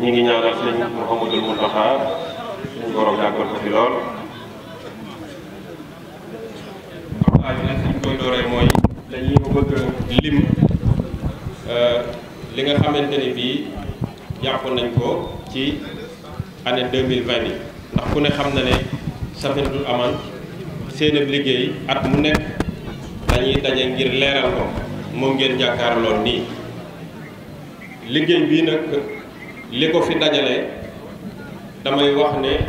ñi ngi ñaanal ko fi lool. waaw mooy lim euh, li nga xamante ni bii jàpp nañ ko ci année 2020 bi ndax ku ne xam na ne Safinatoul Aman seen liggéey at mu nekk dañuy daje ngir leeral ko moom ngeen jàkkaarloo nii liggéey bii nag. li ko fi dajale damay wax ne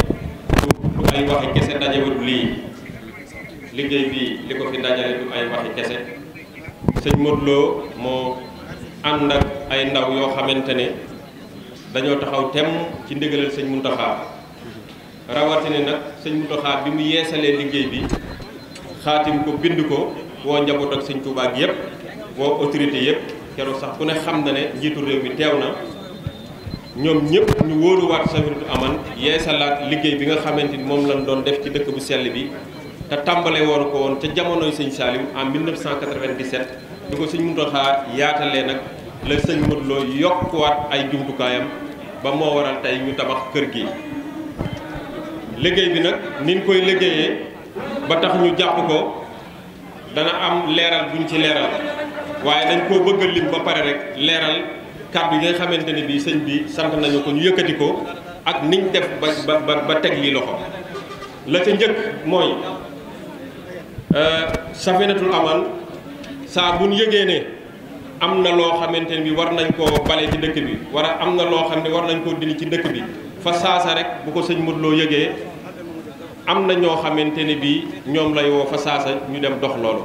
du ay waxi kese dajewut lii liggéey bi li ko fi dajale du ay waxi kese sëñ Modou moo ànd ak ay ndaw yoo xamante ne dañoo taxaw temm ci ndigalal sëñ Muntaxa rawatine nag sëñ Muntaxa bi mu yeesalee liggéey bi xaatim ko bind ko woo njaboot ak sëñ Tuubaa gi yëpp woo autorité yëpp keroog sax ku ne xam na ne njiitu réew mi teew na ñoom ñëpp ñu wóoruwaat Safinatoul Aman yeesalaat liggéey bi nga xamante ni moom lañ doon def ci dëkk bu sell bi te tàmbale waru ko woon ca jamono sëñ Saliou en 1997 di ko sëñ Mountakha yaatalee nag la sëñ Modou Lo waat ay jumtukaayam ba moo waral tey ñu tabax kër gi. liggéey bi nag niñ koy liggéeyee ba tax ñu jàpp ko dana am leeral buñ ci leeral waaye dañ koo bëgg lim ba pare rek leeral. kàddu yi nga xamante ne bii sëñ bi sant nañu ko ñu yëkkati ko ak niñ def ba ba teg lii loxo la ca njëkk mooy euh, safinatul aman saa bu ñu yëgee ne am na loo xamante ne bi war nañ koo bale ci dëkk bi war a am na loo xam ne war nañ koo dindi ci dëkk bi fa saasa rek bu ko sëñ Modou Lo yëgee am na ñoo xamante ne bii ñoom lay woo fa saasa ñu dem dox loolu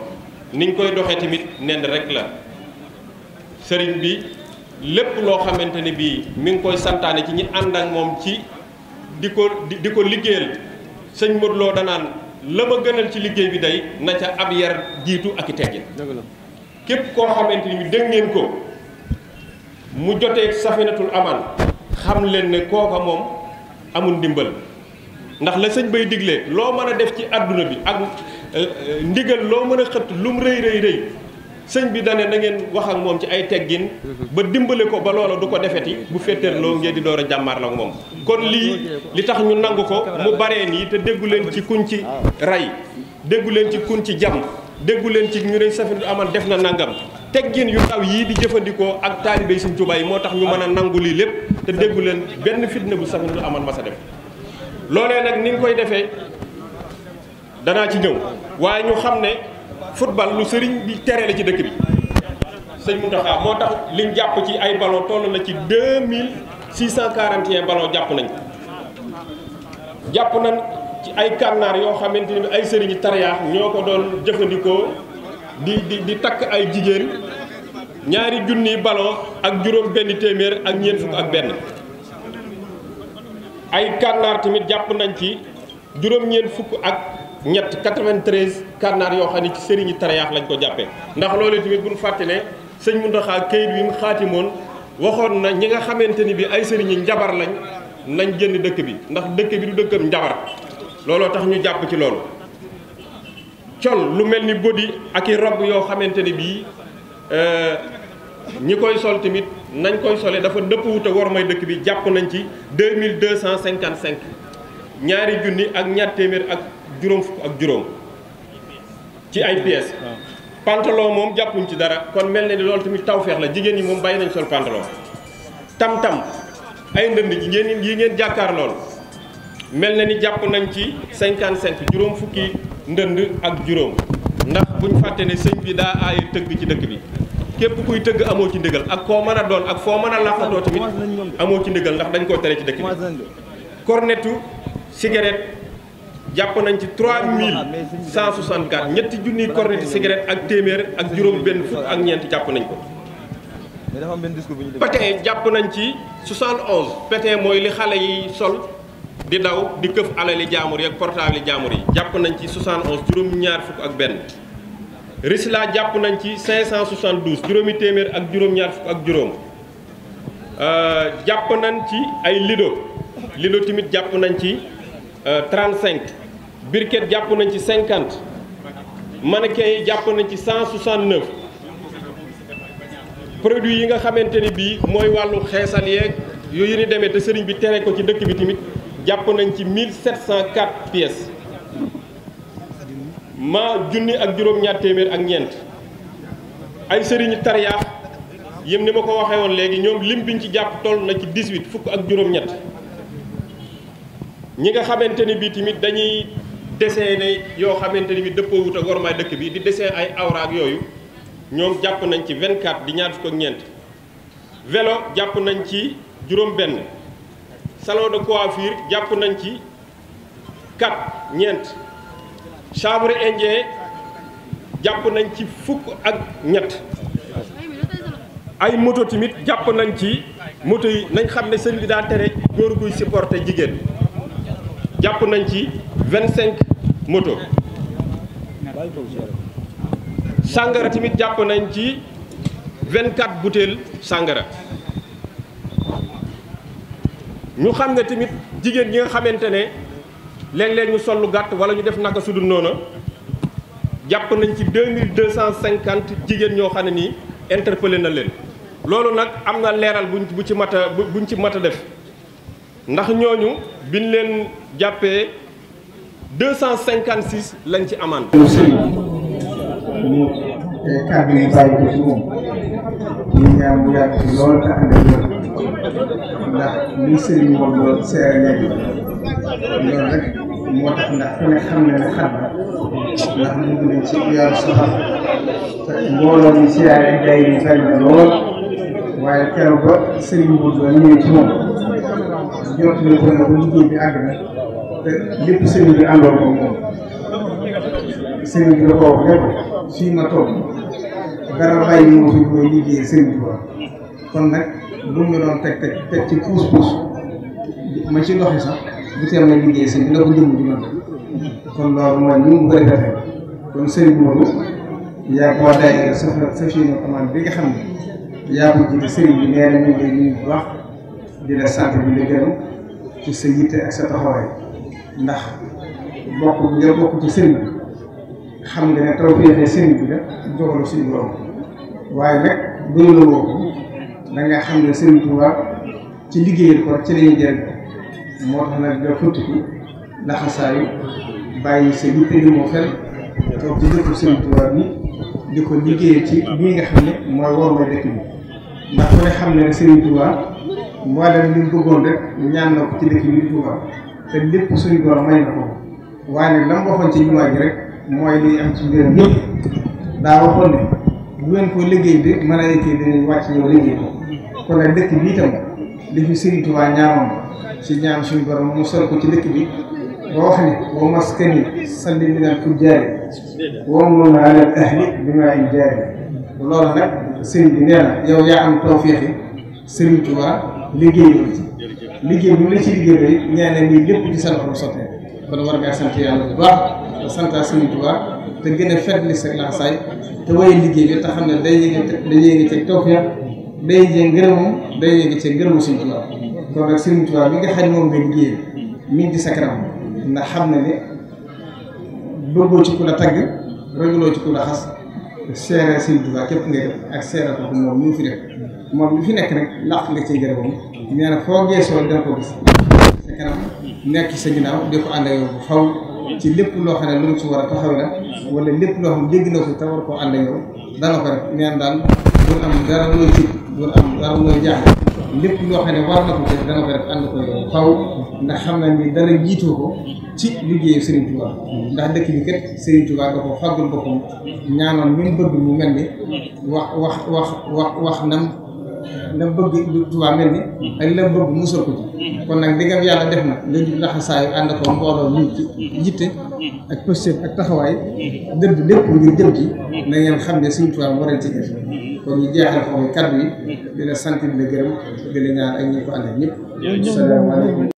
niñ koy doxee tamit nenn rek la sëriñ bi lépp loo xamante ne bii mi ngi koy santaane ci ñi ànd ak moom ci di ko di ko liggéeyal sëñ Modou Lo danaan la ma gënal ci liggéey bi day na ca ab yar jiitu ak i teggin képp koo xamante ni bi dégg ngeen ko mu jotee safinatul aman xam leen ne kooka moom amul ndimbal ndax la sëñ bay diglee loo mën a def ci àdduna bi ak euh, euh, ndigal loo mën a xëtt lum mu rëy rëy rëy sëñ bi dane na ngeen wax ak moom ci ay teggin mhm. ba dimbale ko ba loola du ko defeti bu féeteerloo ngeen di door a jàmmaar la moom kon lii li tax ñu nangu ko mu baree nii te déggu leen ci kuñ ci rey déggu leen ci kuñ ci jam déggu leen ci ñu ne Safinatoul amal def na nangam teggin yu ndaw yii di jëfandikoo ak taalibe yi sëñ Tuubaa yi moo tax ñu mën a nangu lii lépp te déggu leen benn fitna bu Safinatoul Aman masa def loolee nag ni nga koy defee danaa ci ñëw waaye football lu sëriñ bi tere la ci dëkk bi sëñ Mountakha moo tax liñ jàpp ci ay balo toll na ci 2641 ballon jàpp nañ jàpp nañ ci ay kànnaar yoo xamante ni ay sëriñ tariyaax ñoo ko doon jëfandikoo di di di takk ay jigéen ñaari junniy balo ak juróom benn téeméer ak ñeent fukk ak benn ay kànnaar tamit jàpp nañ ci juróom ñeent fukk ak ñett 93 kànnaar yoo xam ne ci sëriñi tariyaax lañ ko jàppee ndax loolu tamit bu ñu fàtte ne sëñ Muntaxa kayit bi mu xaatimoon waxoon na ñi nga xamante ni bi ay sëriñi njabar lañ nañ jënd dëkk bi ndax dëkk bi du dëkkam njabar looloo tax ñu jàpp ci loolu col lu mel ni bodi ak i rob yoo xamante ni bii euh, ñi koy sol tamit nañ koy sole dafa dëpp wuute war mooy dëkk bi jàpp nañ ci 2255 ñaari junni ak ñaar téeméer ak juróom fukk ak juróom ci ay pièces pantalon moom jàppuñ ci dara kon mel na ni loolu tamit tawfeex la jigéen ñi moom bàyyi nañ sol pantalon tam-tam ay ndënd ji ngeen yi ngeen jàkkaar lool mel na ni jàpp nañ ci cinquante cinq juróom fukki ndënd ak juróom ndax buñ fàtte ne sëñ bi daa aaye tëgg ci dëkk bi képp kuy tëgg amoo ci ndigal ak koo mën a doon ak foo mën a làqatoo tamit amoo ci ndigal ndax dañ koo tere ci dëkk bi kornetu cigarette jàpp nañ ci 3164 ñetti junniy corneti cigarette ak téeméer ak juróom benn fukk ak ñeent jàpp nañ ko pétin jàpp nañ ci 71 pétin mooy li xale yi sol di daw di këf alali jaamur yi ak portable jaamur yi jàpp nañ ci 71 juróom ñaar fukk ak benn risla jàpp nañ ci 572 juróomi téeméer ak juróom ñaar fukk ak juróom euh, jàpp nañ ci ay lido lido tamit jàpp nañ ci 35 euh, birket jàpp nañ ci cinquante mannequin yi jàpp nañ ci 169 produit yi nga xamante ni bii mooy wàllu xeesal yeeg yooyu ni demee te sëriñ bi tere ko ci dëkk bi tamit jàpp nañ ci 1704 pièces ma junni ak juróom-ñaar téeméer ak ñeent ay sëriñu tariyaax yëm ni ma ko waxee woon léegi ñoom lim biñ ci jàpp toll na ci 18 fukk ak juróom-ñett ñi nga xamante ni bii tamit dañuy dessin ne yoo xamante ni bi dëppoowut ak wormaay dëkk bi di desin ay ak yooyu ñoom jàpp nañ ci 24 di ñaar fukk ak ñeent velo jàpp nañ ci juróom benn salon de coiffure jàpp nañ ci 4 ñeent chambre indien jàpp nañ ci fukk ak ñett ay moto tamit jàpp nañ ci moto yi nañ xam ne sëñ bi daa tere góor guy supporté jigéen jàpp nañ ci vingt cinq moto sàngara tamit jàpp nañ ci vingt quatre butéel sàngara ñu xam ne tamit jigéen ñi nga xamante ne léeg leen ñu sollu gàtt wala ñu def naka sudul jàpp nañ ci deux mille deux cent cinquante jigéen ñoo xam ne nii interpellé na leen loolu nag am na leeral buñ bu ci mat a buñ ci mat a def ndax ñooñu biñ leen jàppee deux cent cinquante six lañ ci amande. kàddu yi bàyyi ko yàgg ci lool ndax li sëriñ moom loolu seere léegi loolu rek moo tax ndax ku ne xam na ne na ndax mën nañ ci yàlla soxal te mbooloo mi siyaare day yi bari na lool waaye keroog sëriñ moom loolu ñëwee ci moom ñor nañu liggéey bi àgg na te lépp sëriñ bi àndoon moom sëriñ bi da ko wax lépp fii ma toog dara bàyyi moo fi koy liggéey sëriñ bi kon nag lu mu doon teg teg teg ci puus puus ma ci doxi sax bu teel na liggéey sëriñ bi nga ko jëm kon loolu mooy ni mu bëri defee kon sëriñ boobu yaa ko day sa sa fii na commande bi nga xam ne yaa ko jiite sëriñ bi nee na ñu ngi lay nuyu sant bi di gërëm ci sa yitte ak sa taxawaay ndax bokk nga bokk ci sëriñ bi xam nga ne tawfeexee sëriñ bi la si suñu borom waaye nag doy la woo ko da nga xam ne sëriñ Tuubaa ci liggéeyal ko ci lañuy jëriñ moo tax nag nga futtiku laxasaayu bàyyi sa yitte li moo fel toog ci dëkku sëriñ Tuubaa bi di ko liggéeyal ci lii nga xam ne mooy war ma dëkk bi ndax ku xam ne ne sëriñ mboolem li mu bëggoon rek ñaan na ko ci dëkk bi Touba te lépp suñu borom may na ko waaye nag la mu waxoon ci jumaa ji rek mooy liy am ci mbiram ko liggéey de malaayika yi dinañ wàcc li fi Sëriñ Touba ñaanoon ci ñaan suñu borom mu sol ci dëkk bi ba wax ne wa maskani salli min al fujjaari wa mun ala al ahli bi maa in jaari loolu nag sëriñ bi nee na yow yaa am tawféexi Sëriñ Touba liggéeyoo ci liggéey bu la ci liggéey ba ñaanal ñi lépp ci sa loxo sottee kon war ngaa sant yàlla bu baax te sant Sëriñ Tuubaa te gën a fetli sa laxasaay te waye liggéey bi te xam ne day yëngi day yëngi ci tawfiq day yëngi ngërëmu day yëngi ci ngërëmu Sëriñ Tuubaa kon nag Sëriñ Tuubaa bi nga xam moom nga liggéey mi ngi ci sa kanam ndax xam na ne bëggoo ci ku la tagg ragaloo ci ku la xas seere Sëriñ Tuubaa képp nga def ak seere ko moom ñu fi def moom li fi nekk nag làq nga ci garabam nee na foo geesoo danga ko gis sa kanam nekk sa ginnaaw di ko ànd ak yow bu faw ci lépp loo xam ne lu mu ci war a taxaw la wala lépp loo xam ne na ko te war koo ànd ak yow danga ko rek neen daal bul am dara looy tiit bul am dara looy jaaxle lépp loo xam ne war na ko def dana ko def ànd ko yow xaw ndax xam na ni dana jiitoo ko ci liggéeyu Serigne Touba ndax dëkk bi kat Serigne Touba da ko fàggul boppam ñaanoon ñu bëgg mu mel ni wax wax wax wax wax nam bëgg lu Touba mel ni ak la bëgg musal ko ci kon nag diggam yàlla def na nga jub laxa saayu ànd ko mbooloo ñu ci yitte ak posture ak taxawaay dëdd lépp ngir jëm ci na ngeen xam ne Serigne Touba moo leen ci def kon ñu jeexal foofu kaddu yi di la sant di la gërëm di la ñaan ak ñi ko àndal ñëpp. salaamaaleykum